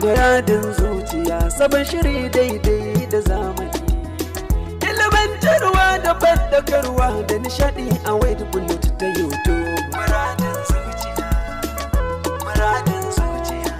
Muradin zuciya sabon shiri daidai da zamani. Ilimantarwa da bandakarwa da nishadi a wade bullet ta YouTube. Muradin zuciya, muradin zuciya.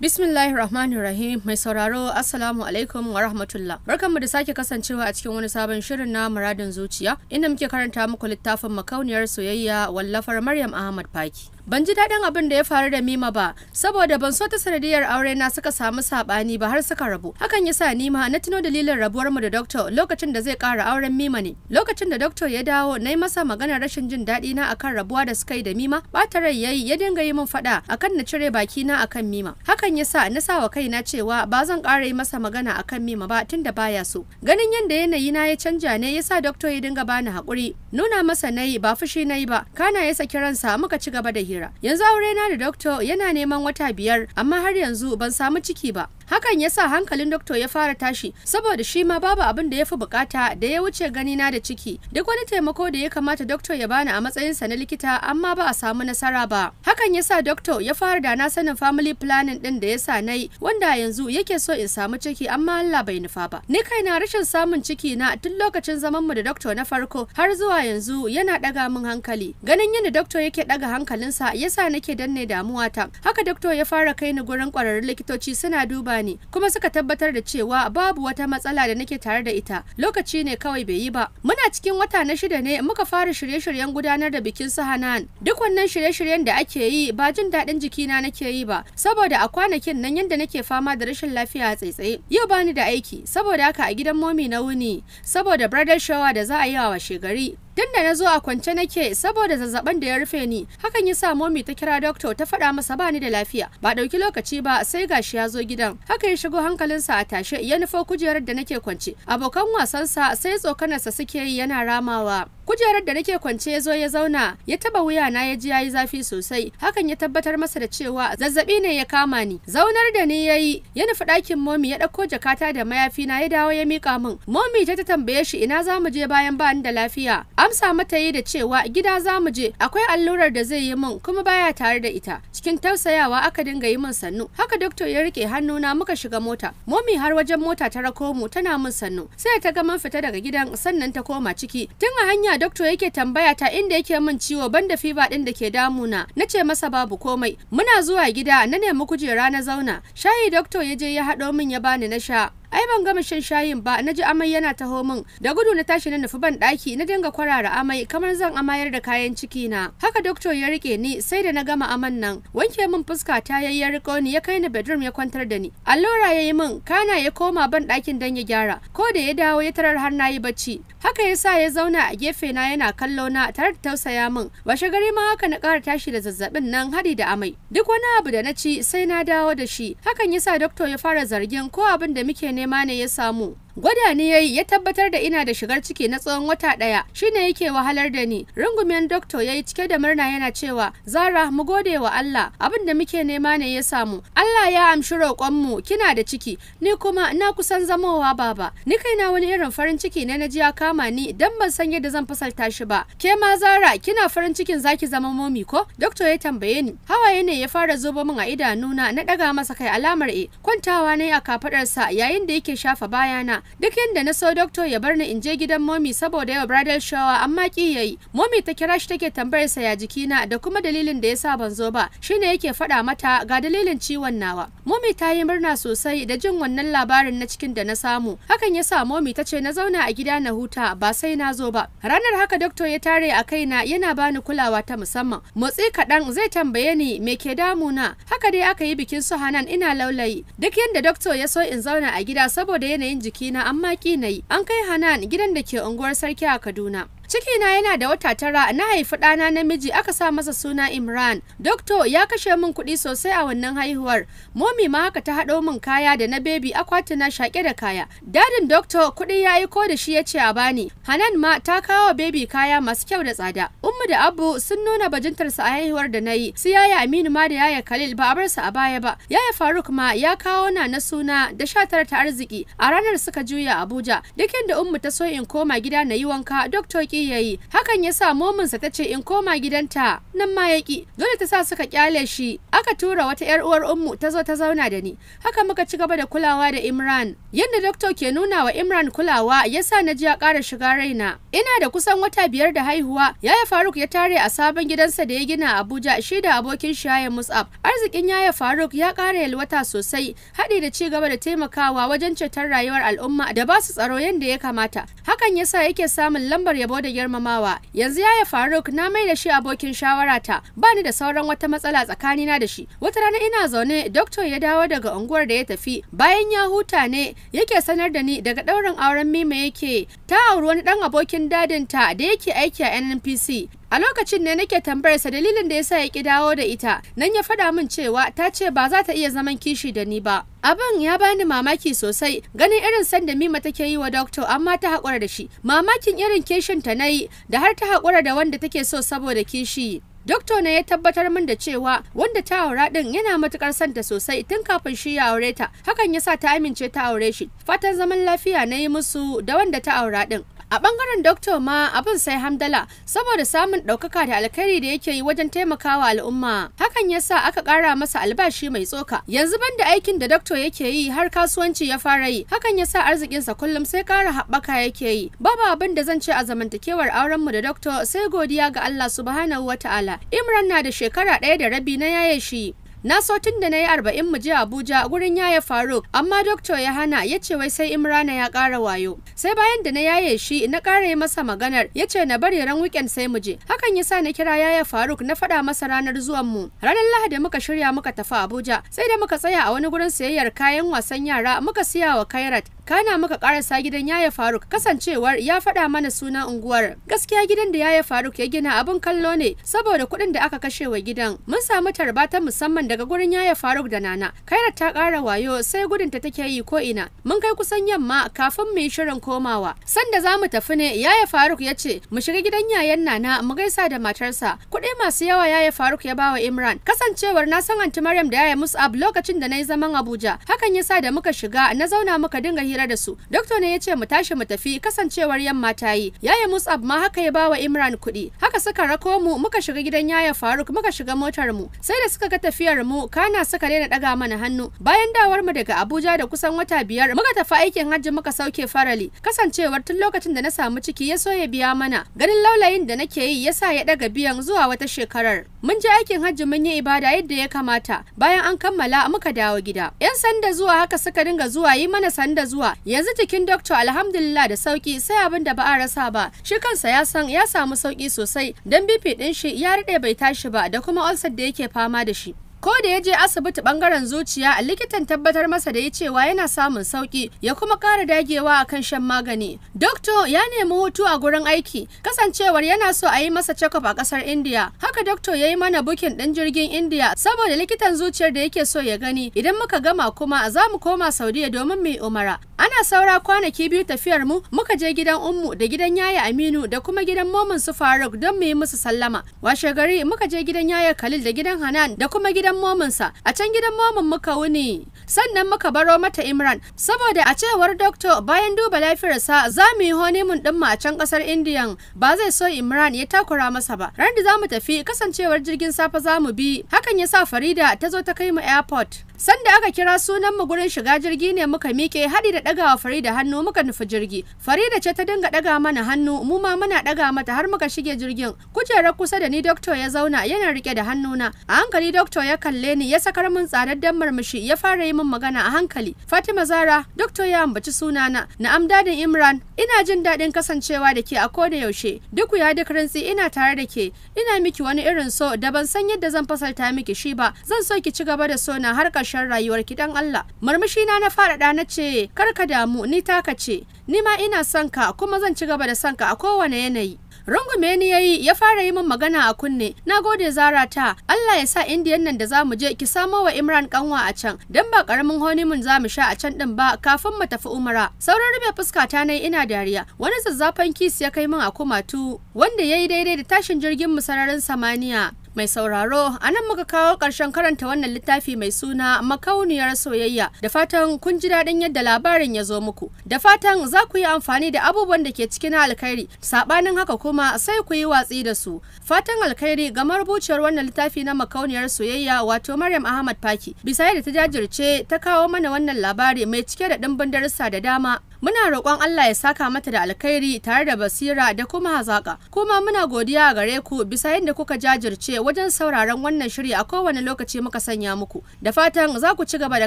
Bismillahir Rahmanir Rahim mai sauraro Assalamu alaikum wa rahmatullah. Barkanmu da sake kasancewa a cikin wani sabon shirin na muradin zuciya inda muke karanta muku littafin makauniyar soyayya wallafar Maryam Ahmad Faki. ban ji daɗin abin da ya faru da mima ba saboda ban so ta sanadiyar aure na suka samu saɓani ba har suka rabu hakan yasa ni ma na tuno dalilin rabuwar mu da doctor lokacin da zai kara auren mima ne lokacin da doctor ya dawo na yi masa maganar rashin jin daɗi na akan rabuwa da suka yi da mima ɓata rai yayi ya dinga yi min faɗa akan na cire baki na akan mima hakan yasa na sa wa kaina cewa ba zan kara yi masa magana akan mima ba tunda baya so ganin yadda yanayi na ya canja ne yasa doctor ya dinga bani haƙuri nuna masa nayi ba fushi nayi ba kana yasa kiransa ransa muka ci gaba da hira. yanzu aure na da doctor yana neman wata biyar amma har yanzu ban samu ciki ba hakan ya sa hankalin doktor ya fara tashi saboda shi ma babu abin da ya fi bukata da ya wuce gani na da ciki duk wani taimako da ya kamata doktor ya bani a matsayinsa na likita amma ba a samu nasara ba hakan ya sa doktor ya fara da na sanin family planning din da ya sa nai wanda yanzu yake so in samu ciki amma Allah bai nufa ba ni kai na rashin samun ciki na tun lokacin zaman mu da doktor na farko har zuwa yanzu yana daga min hankali ganin yadda doktor yake daga hankalinsa yasa nake danne damuwa ta haka doktor ya fara kai ni gurin kwararrun likitoci suna duba ne kuma suka tabbatar da cewa babu wata matsala da nake tare da ita lokaci ne kawai bai yi ba muna cikin wata na shida ne muka fara shirye-shiryen gudanar da bikin su Hanan duk wannan shirye-shiryen da ake yi ba jin daɗin jikina nake yi ba saboda a kwanakin nan yadda nake fama da rashin lafiya a tsaitsaye yau bani da aiki saboda haka a gidan momi na wuni saboda bridal shower da za a yi wa washe gari dan da na zo a kwance nake saboda zazzaɓin da ya rufe ni. Hakan ya sa momi ta kira doctor ta faɗa masa bani da lafiya. Ba ɗauki lokaci ba sai gashi ya zo gidan. Haka ya shigo hankalinsa a tashe ya nufo kujerar da nake kwance. Abokan wasansa sai tsokanarsa suke yi yana ramawa. kujerar da nake kwance ya zo ya zauna ya taba wuya na ya ji yayi zafi sosai hakan ya tabbatar masa da cewa zazzabi ne ya kama ni zaunar da ni yayi ya nufi ɗakin momi ya ɗauko jakata da mayafi na ya dawo ya mika min momi ta ta tambaye shi ina za mu je bayan ba ni da lafiya amsa mata yi da cewa gida za mu je akwai allurar da zai yi min kuma baya tare da ita cikin tausayawa aka dinga yi min sannu haka doktor ya rike hannuna muka shiga mota momi har wajen mota ta rako mu tana min sannu sai ta ga mun fita daga gidan sannan ta koma ciki tun a hanya doktor yake tambaya ta inda yake min ciwo banda fiba din da ke damuna na ce masa babu komai muna zuwa gida na nemi kujera na zauna shayi doktor ya je ya haɗo min ya bani na sha ai ban gama shan shayin ba na ji amai yana taho min da gudu na tashi na nufi ban daki na dinga kwarara amai kamar zan amayar da kayan ciki na haka doktor ya rike ni sai da na gama aman nan wanke min fuska ta yayi ya riko ni ya kai ni bedroom ya kwantar da ni allura ya yi min kana ya koma ban dakin dan ya gyara ko da ya dawo ya tarar har na yi bacci haka yasa ya zauna a gefe na yana kallo na tare da tausaya min washe gari ma haka na kara tashi da zazzabin nan hadi da amai duk wani abu da na ci sai na dawo da shi hakan yasa sa doktor ya fara zargin ko abin da muke ne nema ne ya samu gwada ni yayi ya tabbatar da ina da shigar ciki na tsawon wata ɗaya shine yake wahalar da ni rungumen doctor yayi cike da murna yana cewa zara mu gode wa Allah abin da muke nema ne ya samu Allah ya amshi roƙon mu kina da ciki ni kuma na kusan zamowa baba ni kai na wani irin farin ciki ne na jiya kama ni dan ban san yadda zan fasalta shi ba ke ma zara kina farin cikin zaki zama momi ko doctor ya tambaye ni hawaye ne ya fara zuba min a idanuna na ɗaga masa kai alamar e kwantawa ne a kafaɗarsa yayin da yake shafa bayana duk yadda na so doctor ya bar ni in je gidan momi saboda yau bridal shower amma ki yayi momi ta kira shi take tambayar sa ya na da kuma dalilin da yasa ban zo ba shine yake faɗa mata ga dalilin ciwon nawa momi ta yi murna sosai da jin wannan labarin na cikin da na samu hakan yasa momi ta ce na zauna a gida na huta ba sai na zo ba ranar haka doctor ya tare a kaina yana bani kulawa ta musamman motsi kaɗan zai tambaye ni me ke damu na haka dai aka yi bikin su hanan ina laulayi duk yadda doctor ya so in zauna a gida saboda yanayin jikina na amma ki na an kai hanan gidan da ke unguwar sarki a kaduna Cikina yana da wata tara na haifi ɗana namiji aka sa masa suna Imran. Dokto ya kashe min kuɗi sosai a wannan haihuwar. Momi ma haka ta haɗo min kaya da na bebi akwatuna shaƙe da kaya. Dadin dokto kuɗi ya yi ko da shi ya ce a bani. Hanan ma ta kawo bebi kaya masu kyau da tsada. Ummu da Abu sun nuna bajintarsa a haihuwar da na yi. Su yaya Aminu ma da yaya Khalil ba a bar su a baya ba. Yaya Faruk ma ya kawo na na suna da sha tara ta arziki. A ranar suka juya Abuja. Dukin da Ummu ta so in koma gida na yi wanka dokto ki yayi yi hakan ya sa mominsa ta ce in koma gidanta nan ma yaki dole ta sa suka kyale shi aka tura wata yar uwar ummu ta zo ta zauna da ni haka muka ci gaba da kulawa da Imran yadda doktor ke nuna wa Imran kulawa ya sa na ji ya ƙara shiga raina ina da kusan wata biyar da haihuwa yaya Faruk ya tare a sabon gidansa da ya gina Abuja shi da abokin shi Mus'ab arzikin yaya Faruk ya kara yalwata sosai haɗi da ci gaba da taimakawa wajen ceton rayuwar al'umma da ba su tsaro yadda ya kamata hakan yasa yake samun lambar yabo da girmamawa yanzu yaya faruk na mai da shi abokin shawarata ba ni da sauran wata matsala tsakanina da shi wata rana ina zaune doktor ya dawo daga unguwar da ya tafi bayan ya huta ne yake sanar da ni daga ɗaurin auren mima yake ta auri wani dan abokin dadinta da yake aiki a nnpc A lokacin ne nake tambayarsa dalilin da yasa ya ki dawo da ita, nan ya faɗa min cewa ta ce ba za ta iya zaman kishi da ni ba. Abin ya bani mamaki sosai, ganin irin san da Mima take yi wa doctor amma ta haƙura da shi. Mamakin irin kishin ta na yi, da har ta haƙura da wanda take so saboda kishi. Doktor ne ya tabbatar min da cewa wanda ta aura din yana matukar santa sosai tun kafin shi ya aure ta. Hakan yasa ta amince ta aure shi. Fatan zaman lafiya na yi musu da wanda ta aura din. a bangaren doktor ma abin sai hamdala saboda samun ɗaukaka da alkhairi da yake yi wajen taimakawa al'umma hakan yasa aka ƙara masa albashi mai tsoka yanzu banda aikin da doktor yake yi har kasuwanci ya fara yi hakan yasa arzikinsa kullum sai ƙara haɓaka yake yi babu abin da zan ce a zamantakewar aurenmu da doktor sai godiya ga Allah subhanahu wataala Imran na da shekara ɗaya da rabi na yaye shi na so tun da na yi arba'in mu je abuja gurin yaya faruk amma doktor ya hana ya ce wai sai imrana ya ƙara wayo sai bayan da na yaye shi na ƙara yi masa maganar ya ce na bari ran weekend sai mu je hakan ya sa na kira yaya faruk na faɗa masa ranar zuwan mu ranar lahadi muka shirya muka tafi abuja sai da muka tsaya a wani gurin sayayyar kayan wasan yara muka siya wa kairat kana muka karasa gidan yaya faruk kasancewar ya faɗa mana sunan unguwar gaskiya gidan da yaya faruk ya gina abin kallo ne saboda kuɗin da aka kashe wa gidan mun samu tarba ta musamman daga gurin yaya faruk da nana kairat ta ƙara wayo sai gudun ta take yi ko ina mun kai kusan yamma kafin mu yi shirin komawa sanda za mu tafi ne yaya faruk ya ce mu shiga gidan yayan nana mu gaisa da matarsa kuɗi masu yawa yaya faruk ya bawa imran kasancewar na san anti maryam da yaya musab lokacin da na yi zaman abuja hakan ya sa da muka shiga na zauna muka dinga hira da su doktor ne ya ce mu tashi mu tafi kasancewar yamma ta yi yaya musab ma haka ya bawa imran kuɗi haka suka rako mu muka shiga gidan yaya faruk muka shiga motar mu sai da suka ga tafiyar mu kana suka daina daga mana hannu bayan dawar mu daga Abuja da kusan wata biyar muka tafi aikin hajji muka sauke farali kasancewar tun lokacin da na samu ciki ya so ya biya mana ganin laulayin da nake yi yasa ya daga biyan zuwa wata shekarar mun je aikin hajji mun yi ibada yadda ya kamata bayan an kammala muka dawo gida yan sanda zuwa haka suka dinga zuwa yi mana sanda zuwa yanzu cikin doctor alhamdulillah da sauki sai abin da ba a rasa ba shi kansa ya san ya samu sauki sosai dan BP din shi ya rade bai tashi ba da kuma ulcer da yake fama da shi ko da ya je asibiti bangaren zuciya a likitan tabbatar masa da ya cewa yana samun sauki ya kuma kara dagewa akan shan magani dokto ya nemi hutu a gurin aiki kasancewar yana so a yi masa check a ƙasar india haka dokto ya yi mana bukin ɗin jirgin india saboda likitan zuciyar da yake so ya gani idan muka gama kuma za mu koma saudiya domin mu yi umara ana saura kwanaki biyu tafiyar mu muka je gidan ummu da gidan yaya aminu da kuma gidan momin su faruk don mu yi musu sallama washe gari muka je gidan yaya khalil da gidan hanan da kuma gidan gidan mominsa a can gidan momin muka wuni sannan muka baro mata imran saboda a cewar doctor bayan duba lafiyarsa za mu yi honeymoon din mu a can kasar indiyan ba zai so imran ya takura masa ba ran da za mu tafi kasancewar jirgin safe za mu bi hakan ya sa farida ta zo ta kai mu airport Sanda aka kira sunan mu gurin shiga jirgi ne muka mike haɗi da ɗagawa Farida hannu muka nufi jirgi. Farida ce ta dinga daga mana hannu mu ma muna daga mata har muka shige jirgin. Kujerar kusa da ni doctor ya zauna yana rike da hannuna. A hankali doctor ya kalle ni ya sakar min tsadaddan murmushi ya fara yi min magana a hankali. Fatima Zara, doctor ya ambaci sunana. na dadin Imran, ina jin daɗin kasancewa da ke a koda yaushe. Duk ya duk rintsi ina tare da ke. Ina miki wani irin so da ban san yadda zan fasalta miki shi ba. Zan so ki ci gaba da so na har ƙarshe. ƙarshen rayuwar kidan Allah murmushi na na faɗaɗa na ce kar ka damu ni taka ce ni ma ina son ka kuma zan ci gaba da son ka a kowane yanayi rungume ni yayi ya fara yi min magana a kunne na gode zara ta Allah ya sa indiyan nan da za mu je ki samo wa Imran kanwa a can dan ba karamin honeymoon za mu sha a can din ba kafin mu tafi umara sauran rube fuska ta nayi ina dariya wani zazzafan kis ya kai min a kumatu wanda yayi daidai da tashin jirgin mu sararin samaniya Mai sauraro, a nan muka kawo ƙarshen karanta wannan littafi mai suna makauniyar soyayya da fatan kun ji daɗin yadda labarin ya zo muku. Da fatan za ku yi amfani da abubuwan da ke cikin alkhairi, saɓanin haka kuma sai ku yi watsi da su. Fatan alkhairi ga marubuciyar wannan littafi na makauniyar soyayya wato Maryam Ahmad Faki. Bisa yadda ta jajirce ta kawo mana wannan labari mai cike da ɗimbin darussa da dama muna roƙon Allah ya saka mata da alkhairi tare da basira da kuma hazaƙa, kuma muna godiya gare ku bisa yadda kuka jajirce wajen sauraron wannan shiri a kowane lokaci muka sanya muku da fatan za ku ci gaba da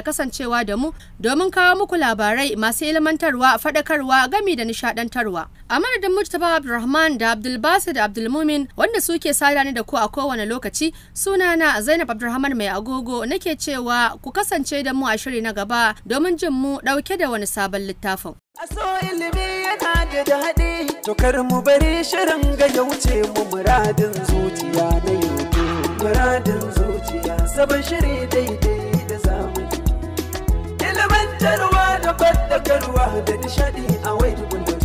kasancewa da mu domin kawo muku labarai masu ilmantarwa faɗakarwa gami da nishaɗantarwa a madadin Mustapha Abdulrahman da Abdulbasir da Abdulmumin wanda suke sada ni da ku a kowane lokaci sunana Zainab Abdulrahman mai agogo nake cewa ku kasance da mu a shiri na gaba domin jin mu ɗauke da wani sabon littafin so ilimi yana da daɗi to kar mu bari shirin ga ya wuce mu muradin zuciya na yanzu muradin zuciya sabon shiri daidai da zamani ilimantarwa da fadakarwa da nishaɗi a wai